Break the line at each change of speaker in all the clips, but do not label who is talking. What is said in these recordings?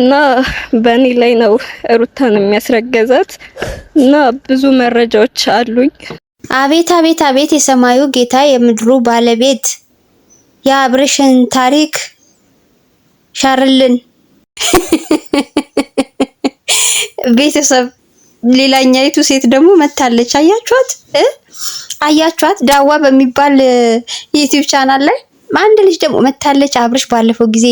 እና በእኔ ላይ ነው ሩታን የሚያስረገዛት እና ብዙ መረጃዎች አሉኝ።
አቤት አቤት አቤት! የሰማዩ ጌታ የምድሩ ባለቤት የአብርሽን ታሪክ ሻርልን ቤተሰብ ሌላኛይቱ ሴት ደግሞ መታለች። አያችኋት? አያችኋት? ዳዋ በሚባል ዩቲዩብ ቻናል ላይ አንድ ልጅ ደግሞ መታለች። አብርሽ ባለፈው ጊዜ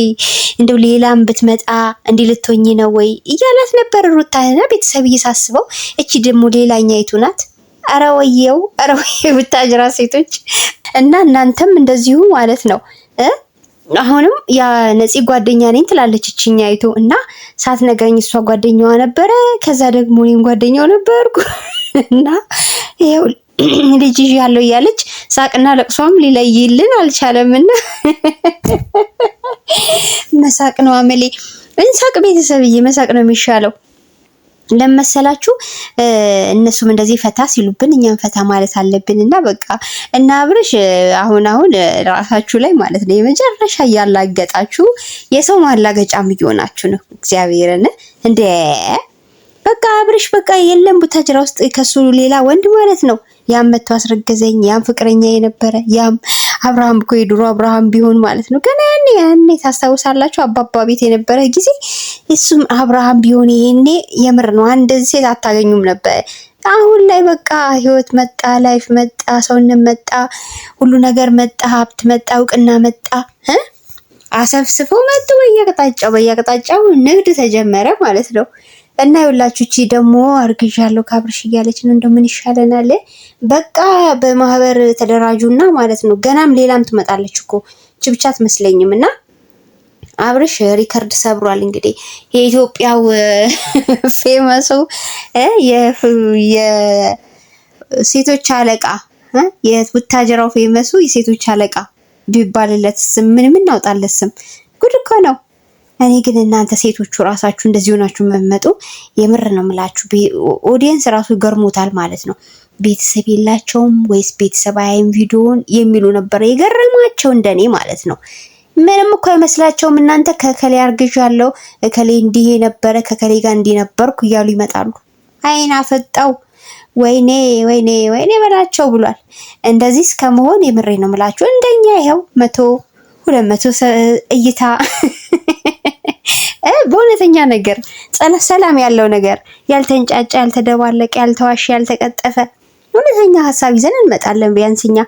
እንደው ሌላም ብትመጣ እንዲህ ልትሆኝ ነው ወይ እያላት ነበር ሩታና ቤተሰብ እየሳስበው፣ እቺ ደግሞ ሌላኛይቱ ናት። ኧረ ወየው፣ ኧረ ወየው ብታጅራ ሴቶች እና እናንተም እንደዚሁ ማለት ነው። አሁንም ያ ነፂ ጓደኛ ነኝ ትላለች እችኛይቱ እና ሳትነግረኝ እሷ ጓደኛዋ ነበረ፣ ከዛ ደግሞ እኔም ጓደኛው ነበርኩ እና ይኸው ልጅ ያለው እያለች ሳቅና ለቅሷም ሊለይልን አልቻለምና መሳቅ ነው አመሌ። እንሳቅ ቤተሰብዬ፣ መሳቅ ነው የሚሻለው። ለመሰላችሁ እነሱም እንደዚህ ፈታ ሲሉብን እኛም ፈታ ማለት አለብን እና በቃ እና አብርሽ አሁን አሁን ራሳችሁ ላይ ማለት ነው የመጨረሻ እያላገጣችሁ የሰው ማላገጫም እየሆናችሁ ነው። እግዚአብሔርን እንደ በቃ አብርሽ በቃ የለም ቡታጅራ ውስጥ ከሱ ሌላ ወንድ ማለት ነው። ያም መቶ አስረገዘኝ፣ ያም ፍቅረኛ የነበረ ያም አብርሃም እኮ የድሮ አብርሃም ቢሆን ማለት ነው። ገና ያኔ ያኔ ታስታውሳላችሁ አባባ ቤት የነበረ ጊዜ እሱም አብርሃም ቢሆን ይሄኔ የምር ነው አንድን ሴት አታገኙም ነበር። አሁን ላይ በቃ ህይወት መጣ፣ ላይፍ መጣ፣ ሰውነት መጣ፣ ሁሉ ነገር መጣ፣ ሀብት መጣ፣ እውቅና መጣ፣ አሰብስፈው መጡ። በየአቅጣጫው በየአቅጣጫው ንግድ ተጀመረ ማለት ነው። እና ይኸውላችሁ እቺ ደግሞ አርግዣለሁ ካብርሽ እያለች ነው። እንደው ምን ይሻለናል? በቃ በማህበር ተደራጁና ማለት ነው። ገናም ሌላም ትመጣለች እኮ እቺ ብቻ አትመስለኝም። እና አብርሽ ሪከርድ ሰብሯል። እንግዲህ የኢትዮጵያው ፌመሱ የሴቶች አለቃ የቡታጀራው ፌመሱ የሴቶች አለቃ ቢባልለት ስም ምን ምን እናውጣለት ስም ጉድ እኮ ነው። እኔ ግን እናንተ ሴቶቹ ራሳችሁ እንደዚህ ሆናችሁ መመጡ የምር ነው የምላችሁ። ኦዲየንስ ራሱ ገርሞታል ማለት ነው። ቤተሰብ የላቸውም ወይስ ቤተሰብ አያይም ቪዲዮውን የሚሉ ነበረ የገረማቸው እንደኔ ማለት ነው። ምንም እኮ አይመስላቸውም። እናንተ ከከሌ አርግዣለሁ፣ እከሌ እንዲህ የነበረ ከከሌ ጋር እንዲህ ነበርኩ እያሉ ይመጣሉ። አይን አፈጣው ወይኔ ወይኔ ወይኔ በላቸው ብሏል። እንደዚህ እስከ መሆን የምሬ ነው ምላችሁ። እንደኛ ይኸው መቶ ሁለት መቶ እይታ እውነተኛ ነገር ሰላም ያለው ነገር ያልተንጫጫ፣ ያልተደባለቀ፣ ያልተዋሸ፣ ያልተቀጠፈ እውነተኛ ሀሳብ ይዘን እንመጣለን። ቢያንስኛ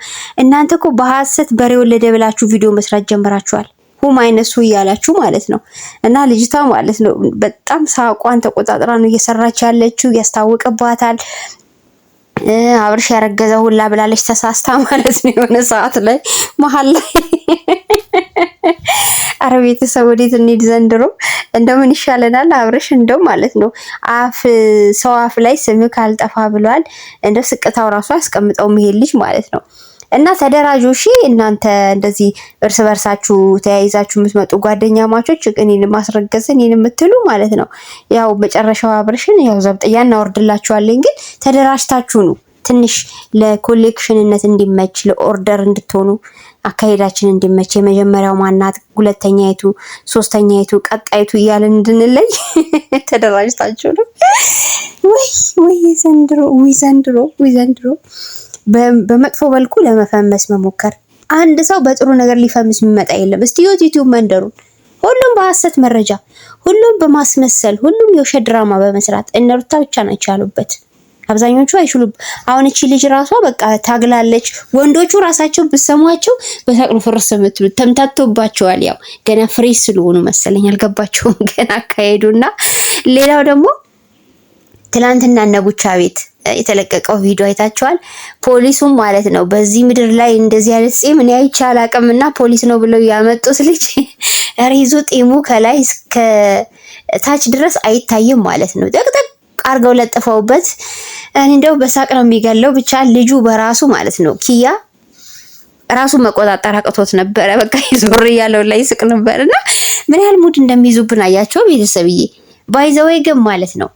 እናንተ እኮ በሀሰት በሬ ወለደ ብላችሁ ቪዲዮ መስራት ጀምራችኋል። ሁም ማይነሱ እያላችሁ ማለት ነው። እና ልጅቷ ማለት ነው በጣም ሳቋን ተቆጣጥራ ነው እየሰራች ያለችው። ያስታውቅባታል። አብርሽ ያረገዘ ሁላ ብላለች ተሳስታ ማለት ነው የሆነ ሰዓት ላይ መሀል ላይ አረ ቤተሰብ ወዴት እንሂድ ዘንድሮ? እንደው ምን ይሻለናል? አብርሽ እንደው ማለት ነው አፍ ሰው አፍ ላይ ስም ካልጠፋ ብሏል። እንደው ስቅታው ራሱ አስቀምጠው መሄድ ልጅ ማለት ነው። እና ተደራጁ እሺ። እናንተ እንደዚህ እርስ በርሳችሁ ተያይዛችሁ የምትመጡ ጓደኛ ማቾች እኔን ማስረገዝ እኔን የምትሉ ማለት ነው። ያው መጨረሻው አብርሽን ያው ዘብጥያ እናወርድላችኋለን። ግን ተደራጅታችሁ ነው ትንሽ ለኮሌክሽንነት እንዲመች ለኦርደር እንድትሆኑ አካሄዳችን እንዲመች የመጀመሪያው ማናት፣ ሶስተኛ ሶስተኛይቱ፣ ቀጣይቱ እያለን እንድንለይ ተደራጅታችሁ ነው ወይ? ወይ ዘንድሮ ወይ ዘንድሮ ወይ ዘንድሮ በመጥፎ መልኩ ለመፈመስ መሞከር። አንድ ሰው በጥሩ ነገር ሊፈምስ የሚመጣ የለም። እስቲ ዩቲዩብ መንደሩን ሁሉም በሐሰት መረጃ፣ ሁሉም በማስመሰል፣ ሁሉም የውሸት ድራማ በመስራት እነ ሩታ ብቻ ናቸው ያሉበት። አብዛኞቹ አይችሉም። አሁን እቺ ልጅ ራሷ በቃ ታግላለች። ወንዶቹ ራሳቸው ብሰሟቸው በሳቅሎ ፍርስ ተምታቶባቸዋል። ያው ገና ፍሬ ስለሆኑ መሰለኝ አልገባቸውም ገና አካሄዱና። ሌላው ደግሞ ትላንትና ነቡቻ ቤት የተለቀቀው ቪዲዮ አይታቸዋል። ፖሊሱም ማለት ነው በዚህ ምድር ላይ እንደዚህ አይነት ፂም እኔ አይቼ አላቅም። እና ፖሊስ ነው ብለው ያመጡት ልጅ ሪዙ ጢሙ ከላይ እስከ ታች ድረስ አይታይም ማለት ነው። አርገው ለጥፈውበት እንደው በሳቅ ነው የሚገለው። ብቻ ልጁ በራሱ ማለት ነው ኪያ ራሱ መቆጣጠር አቅቶት ነበረ። በቃ ይዞር እያለው ላይ ስቅ ነበር እና ምን ያህል ሙድ እንደሚይዙብን አያቸው ቤተሰብዬ። ባይዘወይ ግን ማለት ነው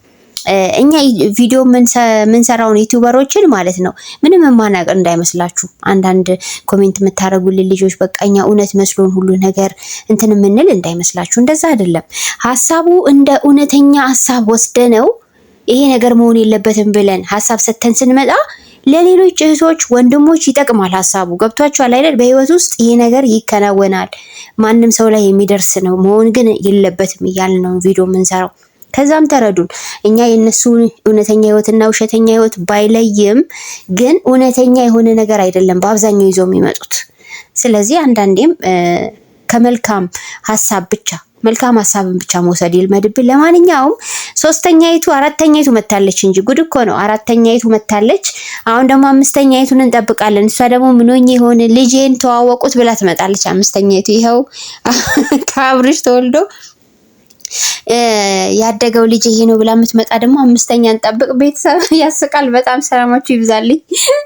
እኛ ቪዲዮ የምንሰራውን ዩቲዩበሮችን ማለት ነው ምንም የማናቅ እንዳይመስላችሁ። አንዳንድ ኮሜንት የምታደርጉልን ልጆች በቃ እኛ እውነት መስሎን ሁሉ ነገር እንትን የምንል እንዳይመስላችሁ። እንደዛ አይደለም። ሀሳቡ እንደ እውነተኛ ሀሳብ ወስደ ነው ይሄ ነገር መሆን የለበትም ብለን ሀሳብ ሰጥተን ስንመጣ ለሌሎች እህቶች፣ ወንድሞች ይጠቅማል ሀሳቡ። ገብቷችኋል አይደል? በህይወት ውስጥ ይሄ ነገር ይከናወናል። ማንም ሰው ላይ የሚደርስ ነው። መሆን ግን የለበትም እያል ነው ቪዲዮ የምንሰራው። ከዛም ተረዱን። እኛ የእነሱ እውነተኛ ህይወትና ውሸተኛ ህይወት ባይለይም ግን እውነተኛ የሆነ ነገር አይደለም በአብዛኛው ይዘው የሚመጡት። ስለዚህ አንዳንዴም ከመልካም ሀሳብ ብቻ መልካም ሀሳብን ብቻ መውሰድ ይልመድብን። ለማንኛውም ሶስተኛይቱ አራተኛይቱ መታለች እንጂ ጉድ እኮ ነው። አራተኛይቱ መታለች። አሁን ደግሞ አምስተኛይቱን እንጠብቃለን። እሷ ደግሞ ምኖኝ የሆነ ልጄን ተዋወቁት ብላ ትመጣለች። አምስተኛይቱ ይኸው ከአብርሽ ተወልዶ ያደገው ልጅ ይሄ ነው ብላ የምትመጣ ደግሞ አምስተኛ እንጠብቅ። ቤተሰብ ያስቃል በጣም። ሰላማችሁ ይብዛልኝ።